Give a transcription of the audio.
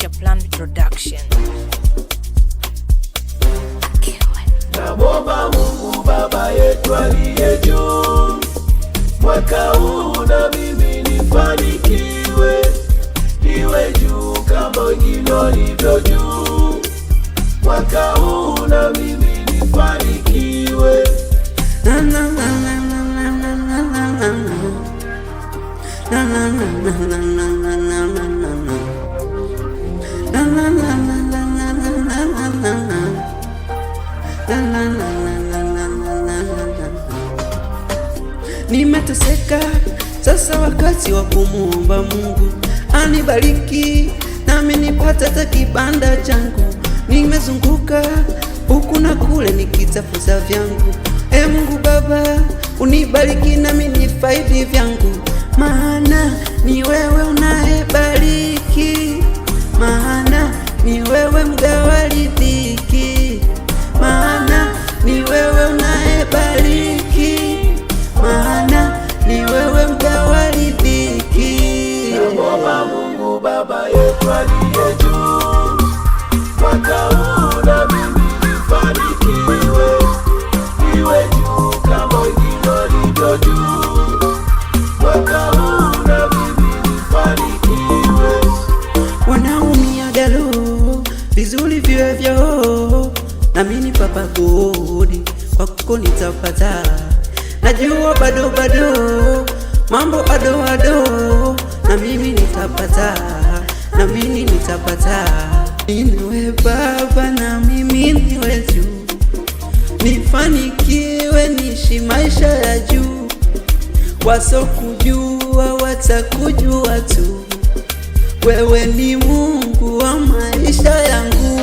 Master Plan Production. Namwomba Mungu Baba yetu aliye juu, mwaka huu na mimi nifanikiwe, niwe juu kama wengine walivyo juu. Mwaka huu na mimi nifanikiwe na, na, na, na, na, na, na, na. Na, na, na, na, na. Nimeteseka sasa, wakati wa kumuomba Mungu anibariki nami nipate hata kibanda changu. Nimezunguka huku na kule nikitafuta vyangu. E Mungu Baba, unibariki nami nifaidi vyangu, maana ni wewe unayebariki, maana ni wewe nilivyo, nami ni papa kwa kwako nitapata. Najua bado bado, mambo ado ado, na mimi nitapata, na mimi nitapata. Niwe baba na mimi niwe juu, nifanikiwe, nishi maisha ya juu, wasokujua watakujua tu, wewe ni Mungu wa maisha yangu.